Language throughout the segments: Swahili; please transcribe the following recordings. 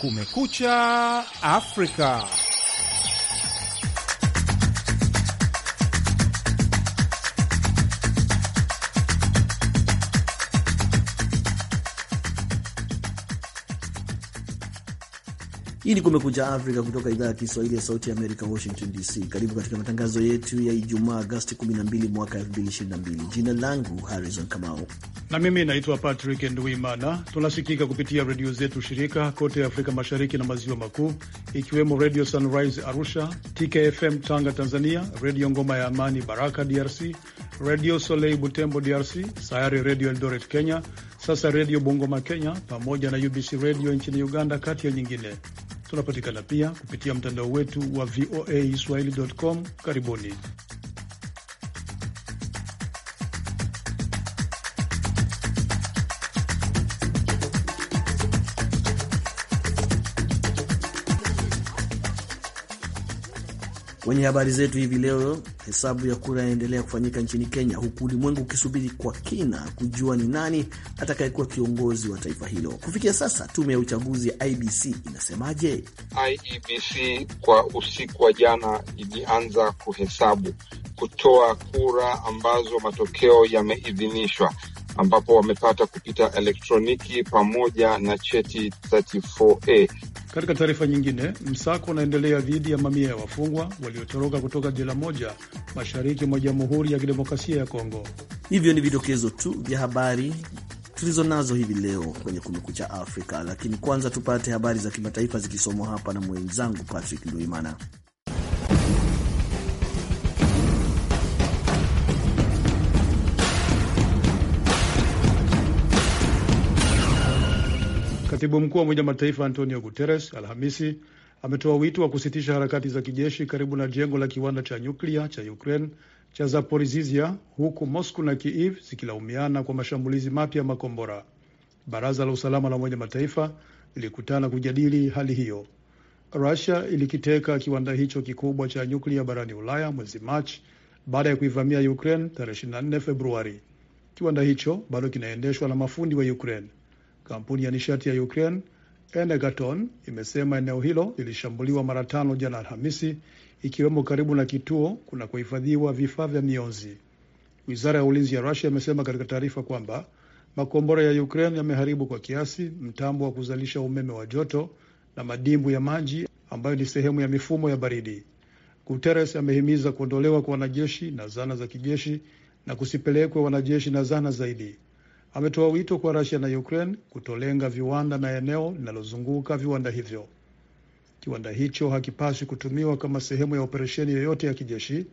Kumekucha Afrika. Hii ni Kumekucha Afrika kutoka idhaa ya Kiswahili ya Sauti ya Amerika, Washington DC. Karibu katika matangazo yetu ya Ijumaa, Agosti 12 mwaka 2022. Jina langu Harrison Kamau na mimi naitwa Patrick Nduimana. Tunasikika kupitia redio zetu shirika kote Afrika Mashariki na Maziwa Makuu, ikiwemo Radio Sunrise Arusha, TKFM Tanga Tanzania, Redio Ngoma ya Amani Baraka DRC, Redio solei Butembo DRC, Sayari Redio Eldoret Kenya, sasa Redio bongoma Kenya, pamoja na UBC Redio nchini Uganda, kati ya nyingine. Tunapatikana pia kupitia mtandao wetu wa voa swahili.com. Karibuni. Kwenye habari zetu hivi leo, hesabu ya kura yaendelea kufanyika nchini Kenya, huku ulimwengu ukisubiri kwa kina kujua ni nani atakayekuwa kiongozi wa taifa hilo. Kufikia sasa, tume ya uchaguzi ya IBC inasemaje? IEBC kwa usiku wa jana ilianza kuhesabu kutoa kura ambazo matokeo yameidhinishwa ambapo wamepata kupita elektroniki pamoja na cheti 34A katika taarifa nyingine, msako unaendelea dhidi ya mamia ya wafungwa waliotoroka kutoka jela moja mashariki mwa Jamhuri ya Kidemokrasia ya Kongo. Hivyo ni vidokezo tu vya habari tulizo nazo hivi leo kwenye Kumekucha Afrika, lakini kwanza tupate habari za kimataifa zikisomwa hapa na mwenzangu Patrick Nduimana. Katibu mkuu wa Umoja Mataifa Antonio Guterres Alhamisi ametoa wito wa kusitisha harakati za kijeshi karibu na jengo la kiwanda cha nyuklia cha Ukraine cha Zaporizhzhia, huku Moscow na Kiev zikilaumiana kwa mashambulizi mapya makombora. Baraza la usalama la Umoja Mataifa lilikutana kujadili hali hiyo. Rusia ilikiteka kiwanda hicho kikubwa cha nyuklia barani Ulaya mwezi Machi baada ya kuivamia Ukraine tarehe 24 Februari. Kiwanda hicho bado kinaendeshwa na mafundi wa Ukraine. Kampuni ya nishati ya Ukraine Energaton imesema eneo hilo lilishambuliwa mara tano jana Alhamisi, ikiwemo karibu na kituo kunakohifadhiwa vifaa vya mionzi. Wizara ya ulinzi ya Rusia imesema katika taarifa kwamba makombora ya Ukraine yameharibu kwa kiasi mtambo wa kuzalisha umeme wa joto na madimbu ya maji ambayo ni sehemu ya mifumo ya baridi. Guterres amehimiza kuondolewa kwa wanajeshi na zana za kijeshi na kusipelekwe wanajeshi na zana zaidi ametoa wito kwa rasia na Ukraine kutolenga viwanda na eneo linalozunguka viwanda hivyo. Kiwanda hicho hakipaswi kutumiwa kama sehemu ya operesheni yoyote ya kijeshi.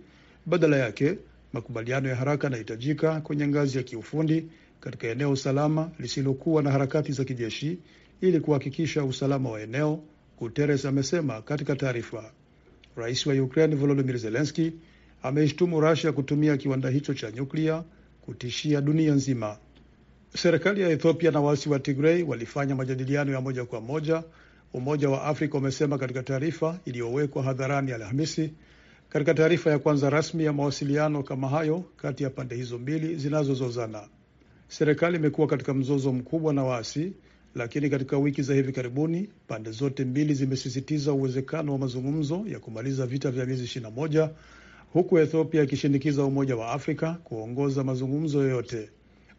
Badala yake, makubaliano ya haraka yanahitajika kwenye ngazi ya kiufundi katika eneo salama lisilokuwa na harakati za kijeshi ili kuhakikisha usalama wa eneo, Guterres amesema katika taarifa. Rais wa Ukraine Volodymyr Zelensky ameishtumu Russia kutumia kiwanda hicho cha nyuklia kutishia dunia nzima. Serikali ya Ethiopia na waasi wa Tigrei walifanya majadiliano ya moja kwa moja, Umoja wa Afrika umesema katika taarifa iliyowekwa hadharani Alhamisi. Katika taarifa ya kwanza rasmi ya mawasiliano kama hayo kati ya pande hizo mbili zinazozozana, serikali imekuwa katika mzozo mkubwa na waasi, lakini katika wiki za hivi karibuni pande zote mbili zimesisitiza uwezekano wa mazungumzo ya kumaliza vita vya miezi 21 huku Ethiopia ikishinikiza Umoja wa Afrika kuongoza mazungumzo yoyote.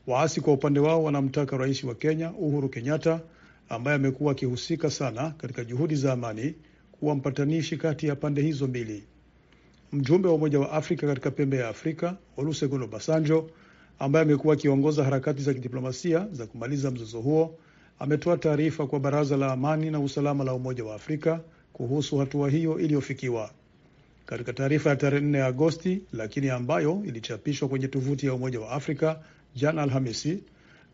Waasi kwa upande wao wanamtaka rais wa Kenya Uhuru Kenyatta, ambaye amekuwa akihusika sana katika juhudi za amani, kuwa mpatanishi kati ya pande hizo mbili. Mjumbe wa Umoja wa Afrika katika pembe ya Afrika Olusegun Obasanjo, ambaye amekuwa akiongoza harakati za kidiplomasia za kumaliza mzozo huo, ametoa taarifa kwa Baraza la Amani na Usalama la Umoja wa Afrika kuhusu hatua hiyo iliyofikiwa. Katika taarifa ya tarehe 4 Agosti, lakini ambayo ilichapishwa kwenye tovuti ya Umoja wa Afrika Jana Alhamisi,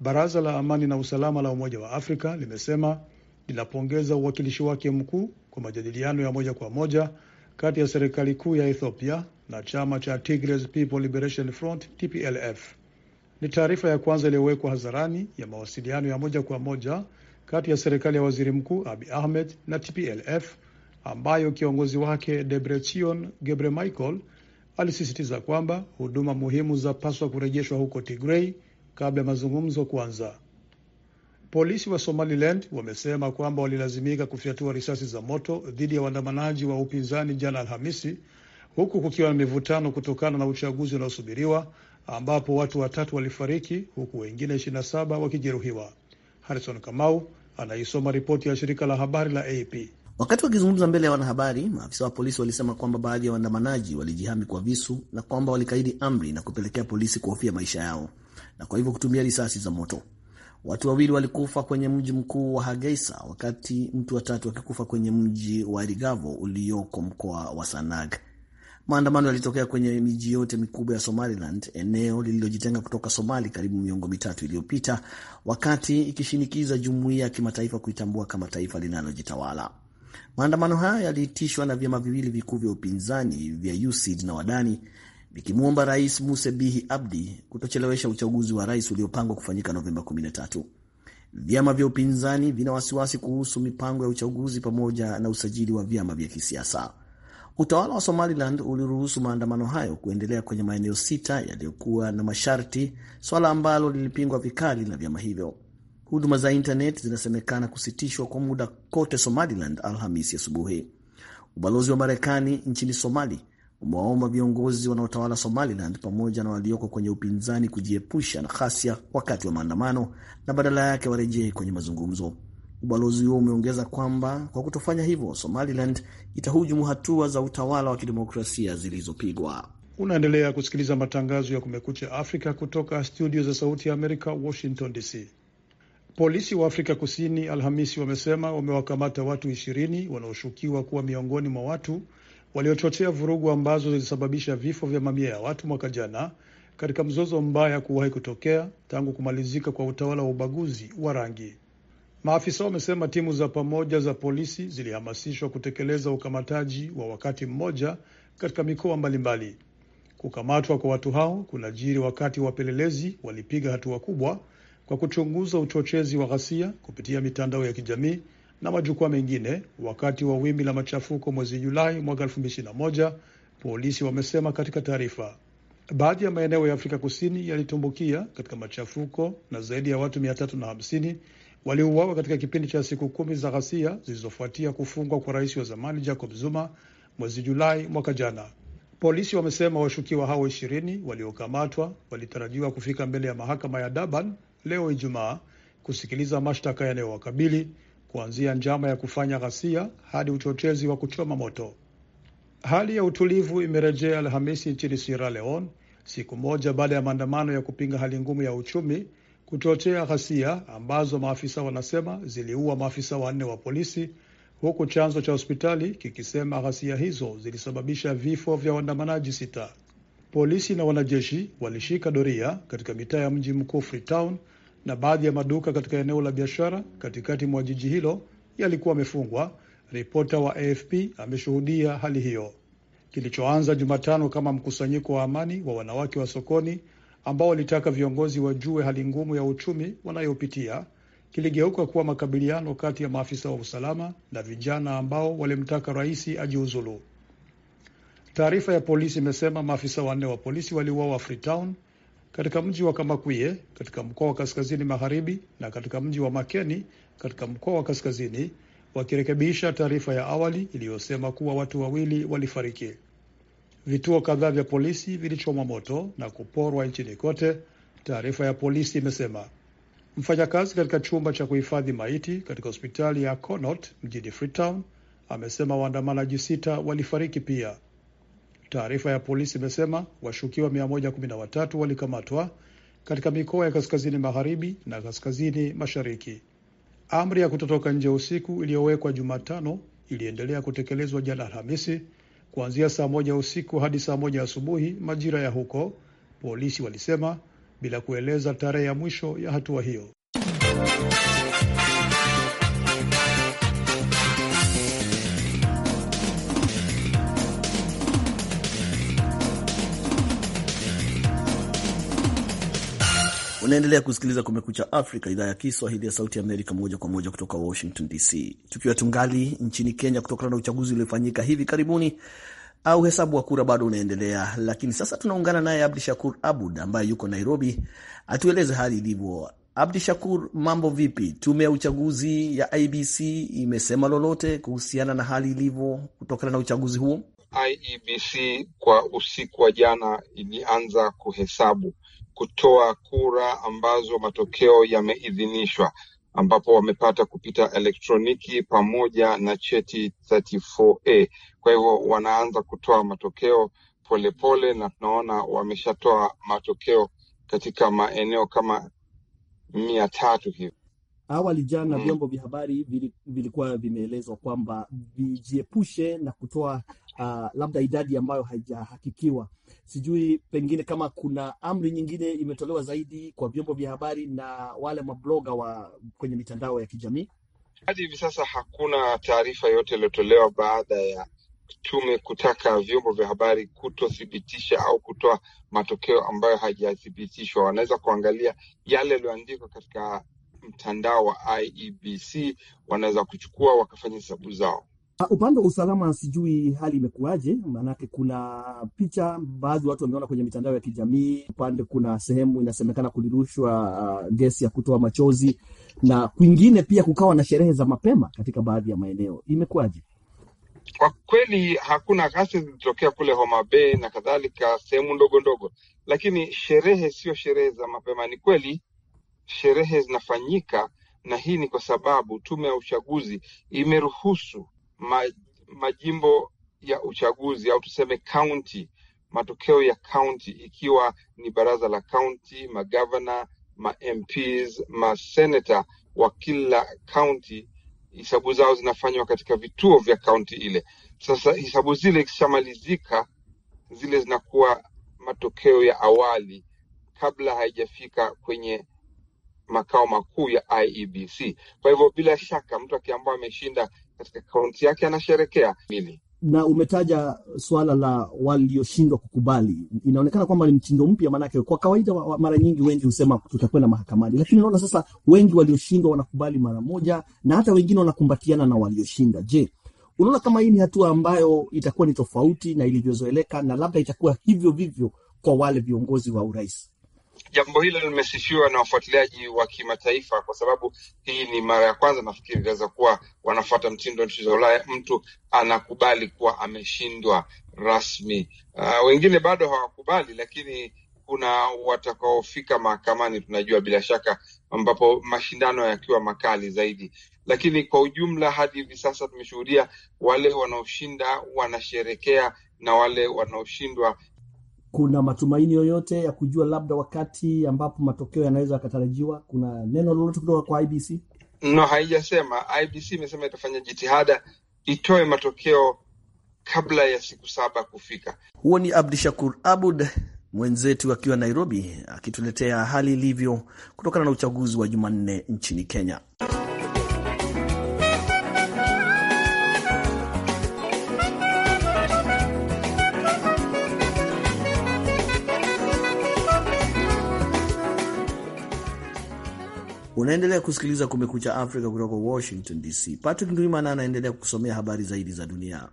baraza la amani na usalama la Umoja wa Afrika limesema linapongeza uwakilishi wake mkuu kwa majadiliano ya moja kwa moja kati ya serikali kuu ya Ethiopia na chama cha Tigray People Liberation Front TPLF. Ni taarifa ya kwanza iliyowekwa hadharani ya mawasiliano ya moja kwa moja kati ya serikali ya waziri mkuu Abi Ahmed na TPLF ambayo kiongozi wake Debretsion Gebremichael alisisitiza kwamba huduma muhimu za paswa kurejeshwa huko Tigrei kabla ya mazungumzo kuanza. Polisi wa Somaliland wamesema kwamba walilazimika kufyatua risasi za moto dhidi ya waandamanaji wa upinzani jana Alhamisi, huku kukiwa na mivutano kutokana na uchaguzi unaosubiriwa ambapo watu watatu walifariki huku wengine 27 wakijeruhiwa. Harrison Kamau anaisoma ripoti ya shirika la habari la AP. Wakati wakizungumza mbele ya wanahabari, maafisa wa polisi walisema kwamba baadhi ya waandamanaji walijihami kwa visu na kwamba walikaidi amri na kupelekea polisi kuhofia maisha yao na kwa hivyo kutumia risasi za moto. Watu wawili walikufa kwenye mji mkuu wa Hageisa, wakati mtu watatu akikufa kwenye mji wa Eligavo ulioko mkoa wa Sanag. Maandamano yalitokea kwenye miji yote mikubwa ya Somaliland, eneo lililojitenga kutoka Somali karibu miongo mitatu iliyopita, wakati ikishinikiza jumuiya ya kimataifa kuitambua kama taifa linalojitawala. Maandamano hayo yaliitishwa na vyama viwili vikuu vya upinzani vya UCID na Wadani vikimwomba Rais Muse Bihi Abdi kutochelewesha uchaguzi wa rais uliopangwa kufanyika Novemba 13. Vyama vya upinzani vina wasiwasi kuhusu mipango ya uchaguzi pamoja na usajili wa vyama vya kisiasa. Utawala wa Somaliland uliruhusu maandamano hayo kuendelea kwenye maeneo sita yaliyokuwa na masharti, swala ambalo lilipingwa vikali na vyama hivyo. Huduma za intaneti zinasemekana kusitishwa kwa muda kote Somaliland Alhamisi asubuhi. Ubalozi wa Marekani nchini Somali umewaomba viongozi wanaotawala Somaliland pamoja na walioko kwenye upinzani kujiepusha na ghasia wakati wa maandamano na badala yake warejee kwenye mazungumzo. Ubalozi huo umeongeza kwamba kwa kutofanya hivyo, Somaliland itahujumu hatua za utawala wa kidemokrasia zilizopigwa. Unaendelea kusikiliza matangazo ya Kumekucha Afrika kutoka studio za Sauti ya Amerika, Washington DC. Polisi wa Afrika Kusini Alhamisi wamesema wamewakamata watu ishirini wanaoshukiwa kuwa miongoni mwa watu waliochochea vurugu ambazo zilisababisha vifo vya mamia ya watu mwaka jana katika mzozo mbaya kuwahi kutokea tangu kumalizika kwa utawala wa ubaguzi wa rangi. Maafisa wamesema timu za pamoja za polisi zilihamasishwa kutekeleza ukamataji wa wakati mmoja katika mikoa mbalimbali. Kukamatwa kwa watu hao kunajiri wakati wapelelezi walipiga hatua kubwa kwa kuchunguza uchochezi wa ghasia kupitia mitandao ya kijamii na majukwaa mengine wakati wa wimbi la machafuko mwezi Julai mwaka 2021, polisi wamesema katika taarifa. Baadhi ya maeneo ya Afrika Kusini yalitumbukia katika machafuko na zaidi ya watu 350 waliuawa katika kipindi cha siku kumi za ghasia zilizofuatia kufungwa kwa rais wa zamani Jacob Zuma mwezi Julai mwaka jana. Polisi wamesema washukiwa hao ishirini waliokamatwa walitarajiwa kufika mbele ya mahakama ya Durban leo Ijumaa kusikiliza mashtaka yanayowakabili kuanzia njama ya kufanya ghasia hadi uchochezi wa kuchoma moto. Hali ya utulivu imerejea Alhamisi nchini Sierra Leone siku moja baada ya maandamano ya kupinga hali ngumu ya uchumi kuchochea ghasia ambazo maafisa wanasema ziliua maafisa wanne wa polisi, huku chanzo cha hospitali kikisema ghasia hizo zilisababisha vifo vya waandamanaji sita. Polisi na wanajeshi walishika doria katika mitaa ya mji mkuu Freetown na baadhi ya maduka katika eneo la biashara katikati mwa jiji hilo yalikuwa yamefungwa. Ripota wa AFP ameshuhudia hali hiyo. Kilichoanza Jumatano kama mkusanyiko wa amani wa wanawake wa sokoni ambao walitaka viongozi wajue hali ngumu ya uchumi wanayopitia kiligeuka kuwa makabiliano kati ya maafisa wa usalama na vijana ambao walimtaka rais ajiuzulu. Taarifa ya polisi imesema maafisa wanne wa polisi waliuawa Freetown, katika mji wa kamakwie katika mkoa wa kaskazini magharibi na katika mji wa Makeni katika mkoa wa kaskazini, wakirekebisha taarifa ya awali iliyosema kuwa watu wawili walifariki. Vituo kadhaa vya polisi vilichomwa moto na kuporwa nchini kote, taarifa ya polisi imesema. Mfanyakazi katika chumba cha kuhifadhi maiti katika hospitali ya Connaught mjini Freetown amesema waandamanaji sita walifariki pia. Taarifa ya polisi imesema washukiwa 113 walikamatwa katika mikoa ya kaskazini magharibi na kaskazini mashariki. Amri ya kutotoka nje usiku iliyowekwa Jumatano iliendelea kutekelezwa jana Alhamisi kuanzia saa moja usiku hadi saa moja asubuhi majira ya huko, polisi walisema, bila kueleza tarehe ya mwisho ya hatua hiyo. Unaendelea kusikiliza Kumekucha Afrika, idhaa ya Kiswahili ya Sauti Amerika, moja kwa moja kutoka Washington DC. Tukiwa tungali nchini Kenya, kutokana na uchaguzi uliofanyika hivi karibuni au hesabu wa kura bado unaendelea, lakini sasa tunaungana naye Abdi Shakur Abud ambaye yuko Nairobi atueleze hali ilivyo. Abdi Shakur, mambo vipi? Tume ya uchaguzi ya IBC imesema lolote kuhusiana na hali ilivyo kutokana na uchaguzi huo? IEBC kwa usiku wa jana ilianza kuhesabu kutoa kura ambazo matokeo yameidhinishwa, ambapo wamepata kupita elektroniki pamoja na cheti 34A. Kwa hivyo wanaanza kutoa matokeo polepole pole, na tunaona wameshatoa matokeo katika maeneo kama mia tatu hivi. Awali jana mm. vyombo mm, vya habari vilikuwa vimeelezwa kwamba vijiepushe na kutoa uh, labda idadi ambayo haijahakikiwa. Sijui pengine kama kuna amri nyingine imetolewa zaidi kwa vyombo vya habari na wale mabloga wa kwenye mitandao ya kijamii. Hadi hivi sasa hakuna taarifa yoyote iliyotolewa baada ya tume kutaka vyombo vya habari kutothibitisha au kutoa matokeo ambayo hajathibitishwa. Wanaweza kuangalia yale yaliyoandikwa katika mtandao wa IEBC, wanaweza kuchukua wakafanya hesabu zao. Ah, upande wa usalama sijui hali imekuwaje, maanake kuna picha baadhi watu wameona kwenye mitandao ya kijamii. Upande kuna sehemu inasemekana kulirushwa uh, gesi ya kutoa machozi na kwingine pia kukawa na sherehe za mapema katika baadhi ya maeneo. Imekuwaje? Kwa kweli hakuna ghasia zilitokea kule Homa Bay na kadhalika, sehemu ndogo ndogo, lakini sherehe sio sherehe za mapema. Ni kweli sherehe zinafanyika, na hii ni kwa sababu tume ya uchaguzi imeruhusu ma, majimbo ya uchaguzi au tuseme kaunti, matokeo ya kaunti, ikiwa ni baraza la kaunti, magavana, ma MPs, senator wa kila kaunti, hisabu zao zinafanywa katika vituo vya kaunti ile. Sasa hisabu zile ikishamalizika, zile zinakuwa matokeo ya awali kabla haijafika kwenye makao makuu ya IEBC. Kwa hivyo bila shaka mtu akiambiwa ameshinda katika kaunti yake anasherekea nini? Na umetaja suala la walioshindwa kukubali, inaonekana kwamba ni mtindo mpya, maanake kwa kawaida wa, wa, mara nyingi wengi husema tutakwenda mahakamani, lakini unaona sasa wengi walioshindwa wanakubali mara moja, na hata wengine wanakumbatiana na walioshinda. Je, unaona kama hii ni hatua ambayo itakuwa ni tofauti na ilivyozoeleka, na labda itakuwa hivyo vivyo kwa wale viongozi wa urais? jambo hilo limesishiwa na wafuatiliaji wa kimataifa, kwa sababu hii ni mara ya kwanza nafikiri inaweza kuwa wanafuata mtindo wa nchi za Ulaya, mtu anakubali kuwa ameshindwa rasmi. Uh, wengine bado hawakubali, lakini kuna watakaofika mahakamani, tunajua bila shaka, ambapo mashindano yakiwa makali zaidi. Lakini kwa ujumla, hadi hivi sasa tumeshuhudia wale wanaoshinda wanasherekea na wale wanaoshindwa kuna matumaini yoyote ya kujua labda wakati ambapo matokeo yanaweza yakatarajiwa? Kuna neno lolote kutoka kwa IBC? No, haijasema. IBC imesema itafanya jitihada itoe matokeo kabla ya siku saba kufika. Huo ni Abdu Shakur Abud mwenzetu akiwa Nairobi akituletea hali ilivyo kutokana na uchaguzi wa Jumanne nchini Kenya. Unaendelea kusikiliza Kumekucha Afrika kutoka Washington DC. Patrick Ndwimana anaendelea kukusomea habari zaidi za dunia.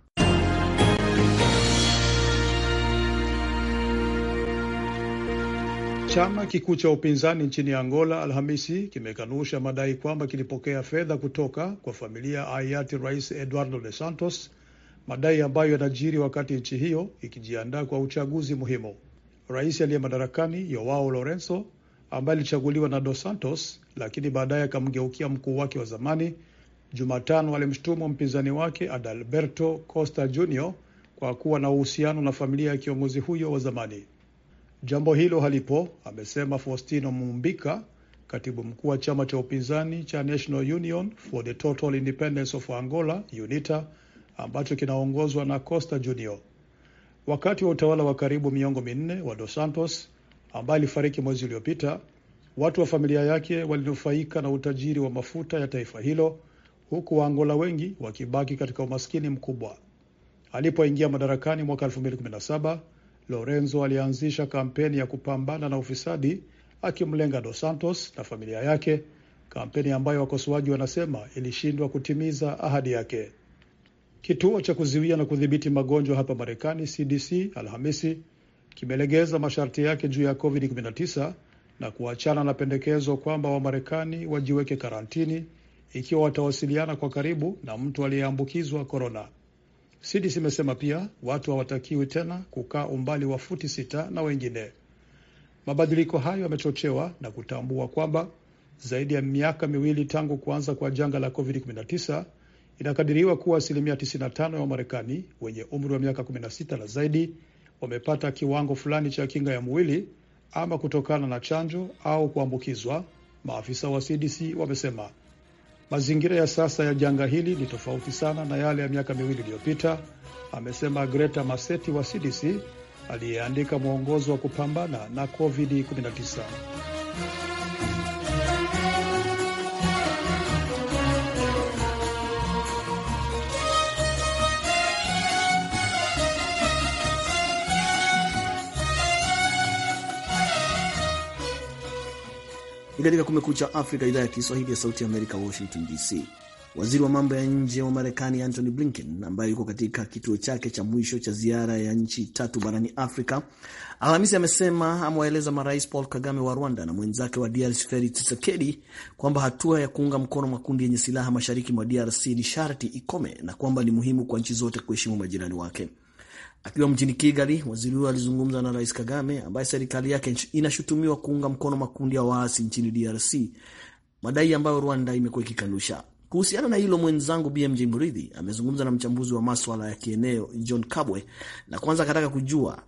Chama kikuu cha upinzani nchini Angola Alhamisi kimekanusha madai kwamba kilipokea fedha kutoka kwa familia ya hayati Rais Eduardo de Santos, madai ambayo yanajiri wakati nchi hiyo ikijiandaa kwa uchaguzi muhimu. Rais aliye madarakani yowao Lorenzo, ambaye alichaguliwa na Dos Santos, lakini baadaye akamgeukia mkuu wake wa zamani. Jumatano alimshutumu mpinzani wake Adalberto Costa jr kwa kuwa na uhusiano na familia ya kiongozi huyo wa zamani. Jambo hilo halipo, amesema Faustino Mumbika, katibu mkuu wa chama cha upinzani cha National Union for the Total Independence of Angola, UNITA, ambacho kinaongozwa na Costa jr wakati wa utawala wa karibu miongo minne wa Dos Santos ambaye alifariki mwezi uliopita. Watu wa familia yake walinufaika na utajiri wa mafuta ya taifa hilo, huku Waangola wengi wakibaki katika umaskini mkubwa. Alipoingia madarakani mwaka 2017, Lorenzo alianzisha kampeni ya kupambana na ufisadi akimlenga Dos Santos na familia yake, kampeni ambayo wakosoaji wanasema ilishindwa kutimiza ahadi yake. Kituo cha kuzuia na kudhibiti magonjwa hapa Marekani, CDC, Alhamisi kimelegeza masharti yake juu ya COVID-19 na kuachana na pendekezo kwamba Wamarekani wajiweke karantini ikiwa watawasiliana kwa karibu na mtu aliyeambukizwa korona. CDC imesema pia watu hawatakiwi tena kukaa umbali wa futi sita na wengine. Mabadiliko hayo yamechochewa na kutambua kwamba zaidi ya miaka miwili tangu kuanza kwa janga la COVID-19 inakadiriwa kuwa asilimia 95 ya Wamarekani wenye umri wa miaka 16 na zaidi wamepata kiwango fulani cha kinga ya mwili ama kutokana na chanjo au kuambukizwa, maafisa wa CDC wamesema. Mazingira ya sasa ya janga hili ni tofauti sana na yale ya miaka miwili iliyopita, amesema Greta Maseti wa CDC aliyeandika mwongozo wa kupambana na COVID-19. Ni katika Kumekucha Afrika, idhaa ya Kiswahili ya Sauti ya Amerika, Washington DC. Waziri wa mambo ya nje wa Marekani Antony Blinken, ambaye yuko katika kituo chake cha mwisho cha ziara ya nchi tatu barani Afrika, Alhamisi amesema amewaeleza marais Paul Kagame wa Rwanda na mwenzake wa DRC Felix Tshisekedi kwamba hatua ya kuunga mkono makundi yenye silaha mashariki mwa DRC ni sharti ikome na kwamba ni muhimu kwa nchi zote kuheshimu majirani wake. Akiwa mjini Kigali, waziri huyo alizungumza na Rais Kagame ambaye serikali yake inashutumiwa kuunga mkono makundi ya waasi nchini DRC, madai ambayo Rwanda imekuwa ikikanusha. Kuhusiana na hilo, mwenzangu BMJ Mridhi amezungumza na mchambuzi wa maswala ya kieneo John Kabwe, na kwanza akataka kujua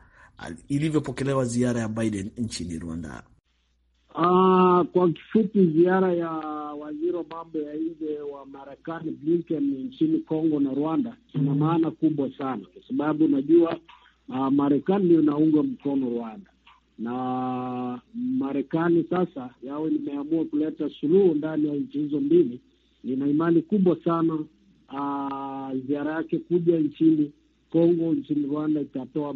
ilivyopokelewa ziara ya Biden nchini Rwanda. Aa, ah, kwa kifupi ziara ya waziri wa mambo ya nje wa Marekani Blinken nchini Kongo na Rwanda ina maana kubwa sana, kwa sababu unajua uh, Marekani ndio inaunga mkono Rwanda na Marekani sasa yawe limeamua kuleta suluhu ndani ya nchi hizo mbili. Nina imani kubwa sana uh, ziara yake kuja nchini Kongo nchini Rwanda itatoa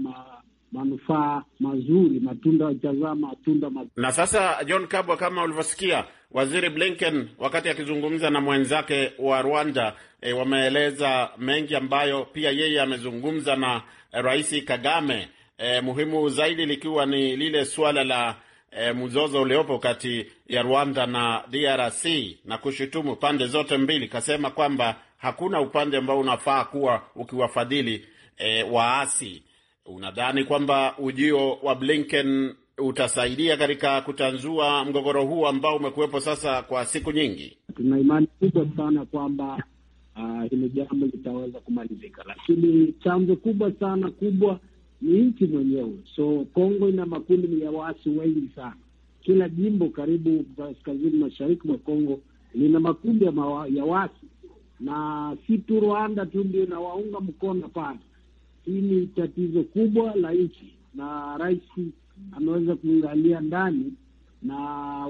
manufaa mazuri, matunda jazaa matunda mazuri. Na sasa, John Kabwa, kama ulivyosikia Waziri Blinken wakati akizungumza na mwenzake wa Rwanda, e, wameeleza mengi ambayo pia yeye amezungumza na eh, Rais Kagame, e, muhimu zaidi likiwa ni lile suala la e, mzozo uliopo kati ya Rwanda na DRC na kushutumu pande zote mbili. Kasema kwamba hakuna upande ambao unafaa kuwa ukiwafadhili e, waasi Unadhani kwamba ujio wa Blinken utasaidia katika kutanzua mgogoro huu ambao umekuwepo sasa kwa siku nyingi? Tuna imani kubwa sana kwamba uh, jambo litaweza kumalizika, lakini chanzo kubwa sana kubwa ni nchi mwenyewe. So Kongo ina makundi ya waasi wengi sana, kila jimbo karibu kaskazini mashariki mwa Kongo lina makundi ya, ya waasi, na si tu Rwanda tu ndio inawaunga mkono pale hii ni tatizo kubwa la nchi, na rais ameweza kuangalia ndani na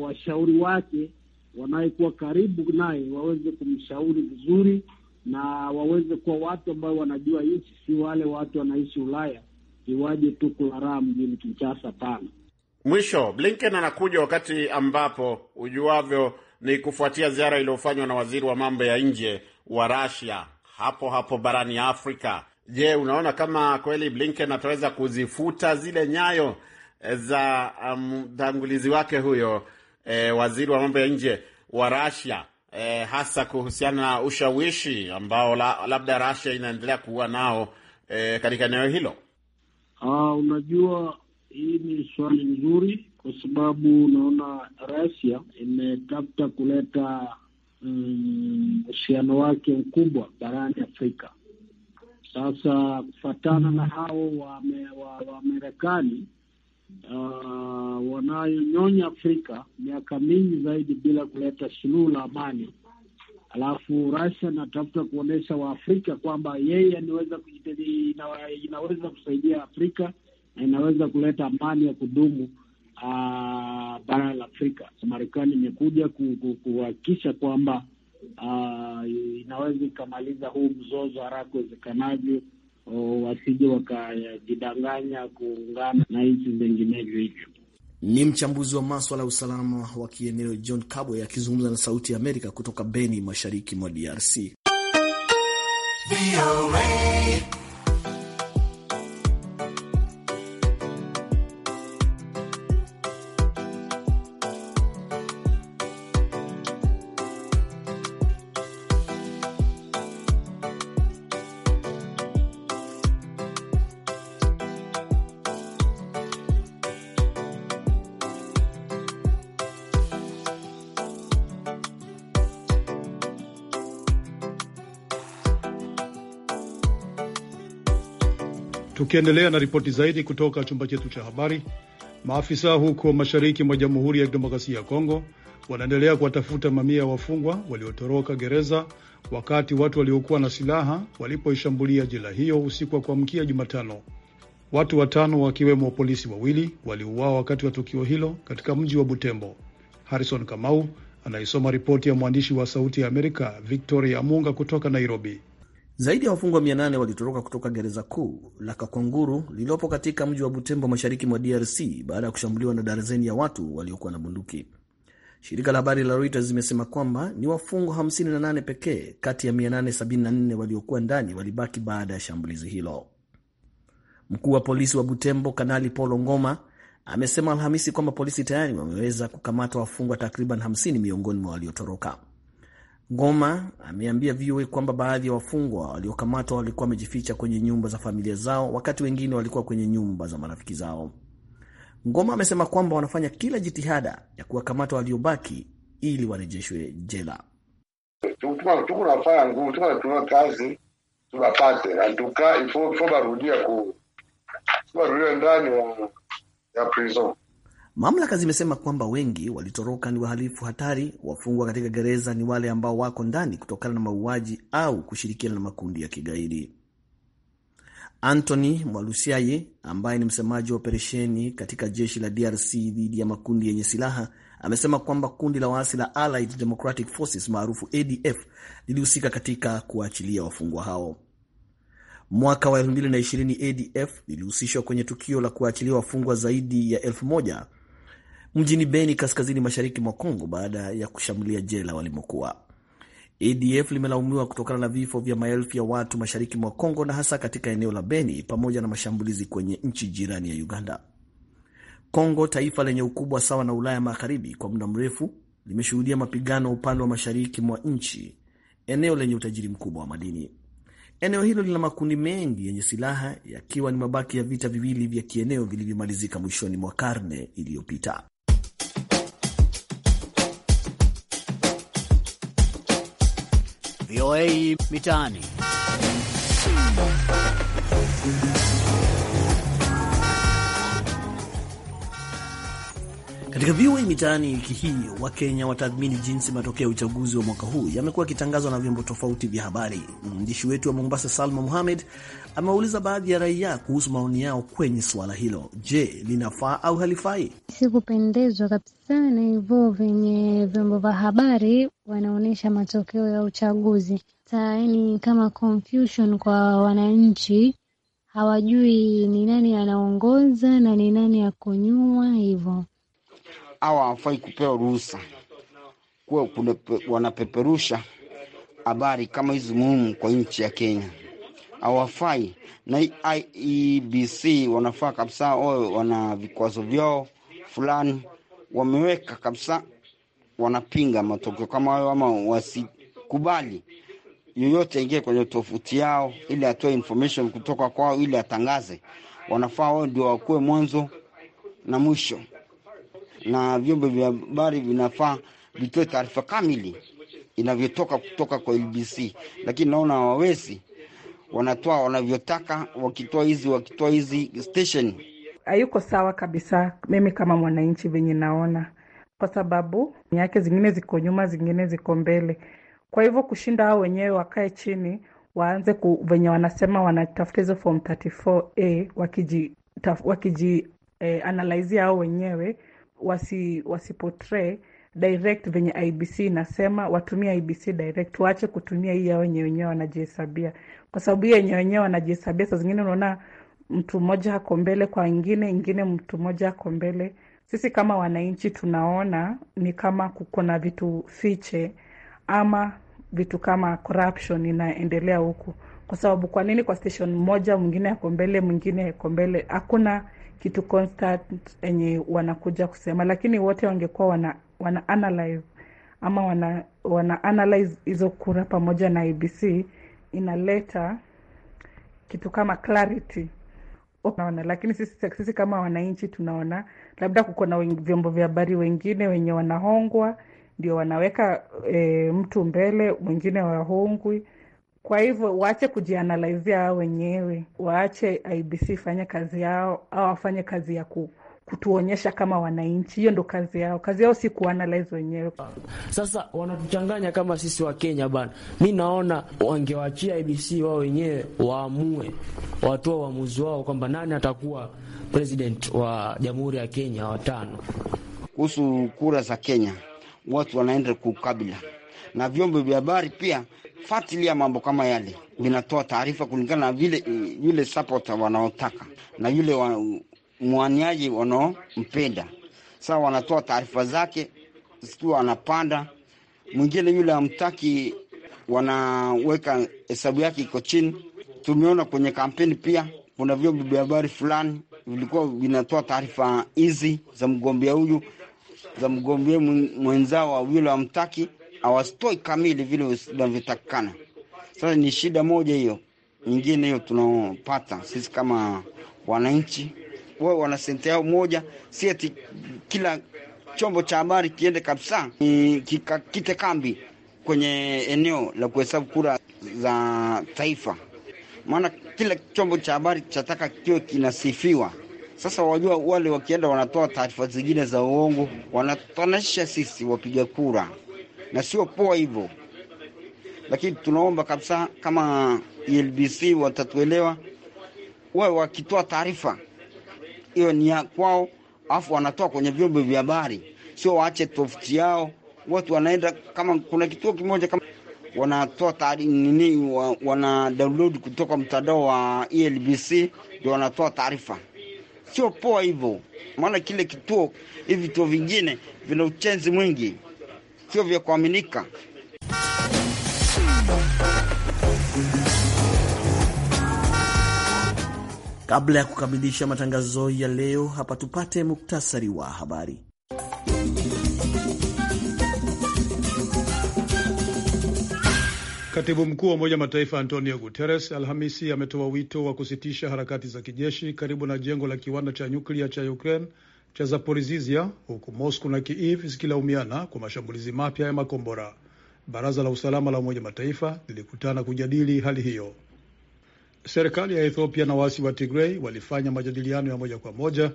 washauri wake wanayekuwa karibu naye waweze kumshauri vizuri, na waweze kuwa watu ambao wanajua nchi, si wale watu wanaishi Ulaya iwaje tu kularaa mjini Kinshasa. Pana mwisho, Blinken anakuja wakati ambapo ujuavyo ni kufuatia ziara iliyofanywa na waziri wa mambo ya nje wa Russia hapo hapo barani Afrika Je, unaona kama kweli Blinken ataweza kuzifuta zile nyayo eh, za um, mtangulizi um, wake huyo e, waziri wa mambo ya nje wa Russia e, hasa kuhusiana na ushawishi ambao la, labda Russia inaendelea kuwa nao e, katika eneo hilo? Uh, unajua hii ni swali nzuri kwa sababu unaona Russia imetafuta kuleta mm, uhusiano wake mkubwa barani Afrika sasa kufatana na hao wa wa uh, wanayonyonya Afrika miaka mingi zaidi bila kuleta suluhu la amani, alafu Russia natafuta kuonyesha Waafrika kwamba yeye anaweza inaweza kusaidia Afrika na inaweza kuleta amani ya kudumu uh, bara la Afrika. Marekani imekuja kuhakikisha kwamba uh, inaweza ikamaliza huu mzozo haraka uwezekanavyo, wasije wakajidanganya kuungana na nchi zinginevyo. Hivyo ni mchambuzi wa maswala ya usalama wa kieneo John Kabwe akizungumza na Sauti ya Amerika kutoka Beni, mashariki mwa DRC. Tukiendelea na ripoti zaidi kutoka chumba chetu cha habari, maafisa huko mashariki mwa Jamhuri ya Kidemokrasia ya Kongo wanaendelea kuwatafuta mamia ya wafungwa waliotoroka gereza wakati watu waliokuwa na silaha walipoishambulia jela hiyo usiku wa kuamkia Jumatano. Watu watano wakiwemo polisi wawili waliuawa wakati wa tukio hilo katika mji wa Butembo. Harrison Kamau anaisoma ripoti ya mwandishi wa Sauti ya Amerika Victoria Munga kutoka Nairobi. Zaidi ya wafungwa 800 walitoroka kutoka gereza kuu la Kakonguru lililopo katika mji wa Butembo mashariki mwa DRC baada ya kushambuliwa na darazeni ya watu waliokuwa na bunduki. Shirika la habari la Reuters zimesema kwamba ni wafungwa 58 pekee kati ya 874 waliokuwa ndani walibaki baada ya shambulizi hilo. Mkuu wa polisi wa Butembo Kanali Polo Ngoma amesema Alhamisi kwamba polisi tayari wameweza kukamata wafungwa takriban 50 miongoni mwa waliotoroka. Goma ameambia VOA kwamba baadhi ya wafungwa waliokamatwa walikuwa wamejificha kwenye nyumba za familia zao, wakati wengine walikuwa kwenye nyumba za marafiki zao. Ngoma amesema kwamba wanafanya kila jitihada ya kuwakamata waliobaki ili warejeshwe jela. Tuko nafanya nguvu, tuko natuma kazi tunapate antuka ifo barudia ku barudia ndani ya prison Mamlaka zimesema kwamba wengi walitoroka ni wahalifu hatari. Wafungwa katika gereza ni wale ambao wako ndani kutokana na mauaji au kushirikiana na makundi ya kigaidi. Anthony Mwalusiaye ambaye ni msemaji wa operesheni katika jeshi la DRC dhidi ya makundi yenye silaha amesema kwamba kundi la waasi la Allied Democratic Forces maarufu ADF lilihusika katika kuachilia wafungwa hao. Mwaka wa 2020 ADF lilihusishwa kwenye tukio la kuachilia wafungwa zaidi ya elfu moja mjini Beni, kaskazini mashariki mwa Kongo, baada ya kushambulia jela walimokuwa. ADF limelaumiwa kutokana na vifo vya maelfu ya watu mashariki mwa Kongo na hasa katika eneo la Beni, pamoja na mashambulizi kwenye nchi jirani ya Uganda. Kongo, taifa lenye ukubwa sawa na Ulaya Magharibi, kwa muda mrefu limeshuhudia mapigano upande wa mashariki mwa nchi, eneo lenye utajiri mkubwa wa madini. Eneo hilo lina makundi mengi yenye silaha yakiwa ni mabaki ya vita viwili vya kieneo vilivyomalizika mwishoni mwa karne iliyopita. VOA Mitaani. Katika VOA Mitaani wiki hii, Wakenya watathmini jinsi matokeo ya uchaguzi wa mwaka huu yamekuwa yakitangazwa na vyombo tofauti vya habari. Mwandishi wetu wa Mombasa, Salma Muhamed, amewauliza baadhi ya raia kuhusu maoni yao kwenye suala hilo. Je, linafaa au halifai? Sikupendezwa kabisa na hivyo vyenye vyombo vya habari wanaonyesha matokeo ya uchaguzi. Yaani kama confusion kwa wananchi, hawajui ni nani anaongoza na ni nani akunyua, hivyo au hawafai kupewa ruhusa kuwa wanapeperusha habari kama hizi muhimu kwa nchi ya Kenya hawafai na IEBC wanafaa kabisa, wao wana vikwazo vyao fulani wameweka kabisa, wanapinga matokeo kama hayo, ama wasikubali yoyote aingie kwenye tofuti yao ili atoe information kutoka kwao ili atangaze. Wanafaa wao ndio wakuwe mwanzo na mwisho, na vyombo vya habari vinafaa vitoe taarifa kamili inavyotoka kutoka kwa IEBC, lakini naona hawawezi wanatoa wanavyotaka, wakitoa hizi wakitoa hizi station. Hayuko sawa kabisa, mimi kama mwananchi venye naona, kwa sababu yake zingine ziko nyuma, zingine ziko mbele. Kwa hivyo kushinda hao wenyewe wakae chini, waanze ku, venye wanasema wanatafuta hizo form 34A wakiji, taf, wakiji eh, hao wenyewe wasi direct venye IBC inasema watumie IBC direct, waache kutumia hii yao wenye wenyewe wanajihesabia, kwa sababu hii wenye wenyewe wanajihesabia, saa zingine unaona mtu mmoja ako mbele kwa ingine ingine, mtu mmoja ako mbele. Sisi kama wananchi tunaona ni kama kuko na vitu fiche ama vitu kama corruption inaendelea huku, kwa sababu kwa nini kwa station moja mwingine ako mbele mwingine ako mbele, hakuna kitu constant yenye wanakuja kusema, lakini wote wangekuwa wana wana analyze ama wana, wana analyze hizo kura pamoja na ABC inaleta kitu kama clarity naona lakini sisi, sisi kama wananchi tunaona labda kuko na vyombo vya habari wengine wenye wanahongwa ndio wanaweka e, mtu mbele, mwingine wahongwi. Kwa hivyo waache kujianalizia wao wenyewe, waache IBC ifanye kazi yao au wafanye kazi ya ku kutuonyesha kama wananchi. Hiyo ndo kazi yao. Kazi yao si kuanalyze wenyewe. Sasa wanatuchanganya kama sisi wa Kenya bana. Mi naona wangewachia abc wao wenyewe waamue, watoa uamuzi wao kwamba nani atakuwa president wa Jamhuri ya Kenya watano. Kuhusu kura za Kenya, watu wanaenda kukabila na vyombo vya habari pia fuatilia mambo kama yale, vinatoa taarifa kulingana na vile eh, vile support wanaotaka na yule wa, mwaniaji wanaompenda. Sasa wanatoa taarifa zake zikiwa anapanda, mwingine yule amtaki, wanaweka hesabu yake iko chini. Tumeona kwenye kampeni pia kuna vyombo vya habari fulani vilikuwa vinatoa taarifa hizi za mgombea huyu za mgombea mwenzao au yule amtaki, hawastoi kamili vile inavyotakikana. Sasa ni shida moja hiyo, nyingine hiyo tunaopata sisi kama wananchi wao wana senta yao moja, si eti kila chombo cha habari kiende kabisa kikakite kambi kwenye eneo la kuhesabu kura za taifa, maana kila chombo cha habari chataka kiwe kinasifiwa. Sasa wajua, wale wakienda wanatoa taarifa zingine za uongo, wanatanisha sisi wapiga kura, na sio poa hivyo. Lakini tunaomba kabisa, kama ELBC watatuelewa, wawe wakitoa taarifa hiyo ni ya kwao, afu wanatoa kwenye vyombo vya habari, sio waache tofuti yao. Watu wanaenda kama kuna kituo kimoja kama wanatoa taarifa nini, wana download kutoka mtandao wa ELBC ndio wanatoa taarifa. Sio poa hivyo, maana kile kituo, hivi vituo vingine vina uchenzi mwingi, sio vya kuaminika. Kabla ya kukamilisha matangazo ya leo, hapa tupate muktasari wa habari. Katibu mkuu wa Umoja Mataifa Antonio Guterres Alhamisi ametoa wito wa kusitisha harakati za kijeshi karibu na jengo la kiwanda cha nyuklia cha Ukraine cha Zaporizhzhia, huku Moscow na Kiev zikilaumiana kwa mashambulizi mapya ya makombora. Baraza la usalama la Umoja Mataifa lilikutana kujadili hali hiyo. Serikali ya Ethiopia na waasi wa Tigrei walifanya majadiliano ya moja kwa moja,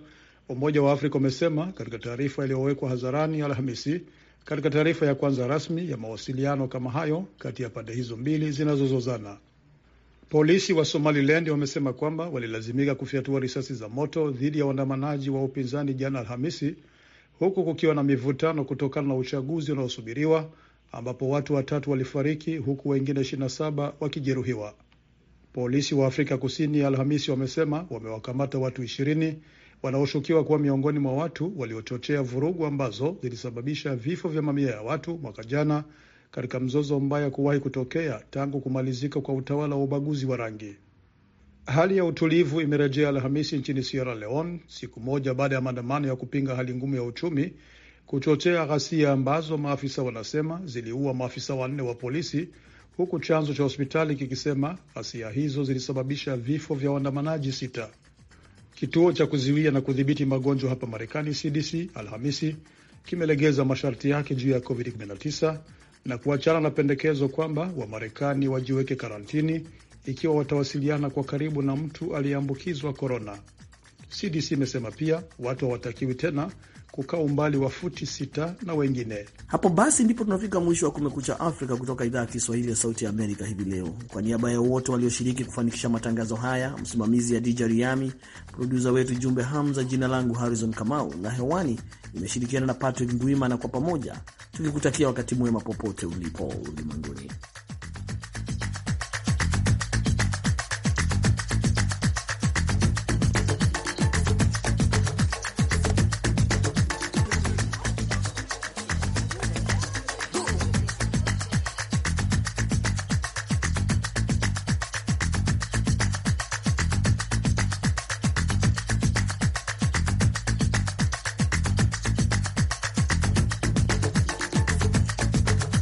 Umoja wa Afrika umesema katika taarifa iliyowekwa hadharani Alhamisi, katika taarifa ya kwanza rasmi ya mawasiliano kama hayo kati ya pande hizo mbili zinazozozana. Polisi wa Somaliland wamesema kwamba walilazimika kufyatua risasi za moto dhidi ya waandamanaji wa upinzani jana Alhamisi, huku kukiwa na mivutano kutokana na uchaguzi unaosubiriwa ambapo watu watatu walifariki huku wengine 27 wakijeruhiwa. Polisi wa Afrika Kusini Alhamisi wamesema wamewakamata watu ishirini wanaoshukiwa kuwa miongoni mwa watu waliochochea vurugu ambazo zilisababisha vifo vya mamia ya watu mwaka jana katika mzozo mbaya kuwahi kutokea tangu kumalizika kwa utawala wa ubaguzi wa rangi. Hali ya utulivu imerejea Alhamisi nchini Sierra Leone siku moja baada ya maandamano ya kupinga hali ngumu ya uchumi kuchochea ghasia ambazo maafisa wanasema ziliua maafisa wanne wa polisi huku chanzo cha hospitali kikisema ghasia hizo zilisababisha vifo vya waandamanaji sita. Kituo cha kuzuia na kudhibiti magonjwa hapa Marekani, CDC, Alhamisi kimelegeza masharti yake juu ya COVID-19 na kuachana na pendekezo kwamba Wamarekani wajiweke karantini ikiwa watawasiliana kwa karibu na mtu aliyeambukizwa korona. CDC imesema pia watu hawatakiwi tena kukaa umbali wa futi sita na wengine. Hapo basi ndipo tunafika mwisho wa Kumekucha Afrika kutoka idhaa ya Kiswahili ya Sauti ya Amerika hivi leo. Kwa niaba ya wote walioshiriki kufanikisha matangazo haya, msimamizi ya DJ Riami, produsa wetu Jumbe Hamza, jina langu Harrison Kamau na hewani imeshirikiana na Patrick Ndwima, na kwa pamoja tukikutakia wakati mwema popote ulipo ulimwenguni.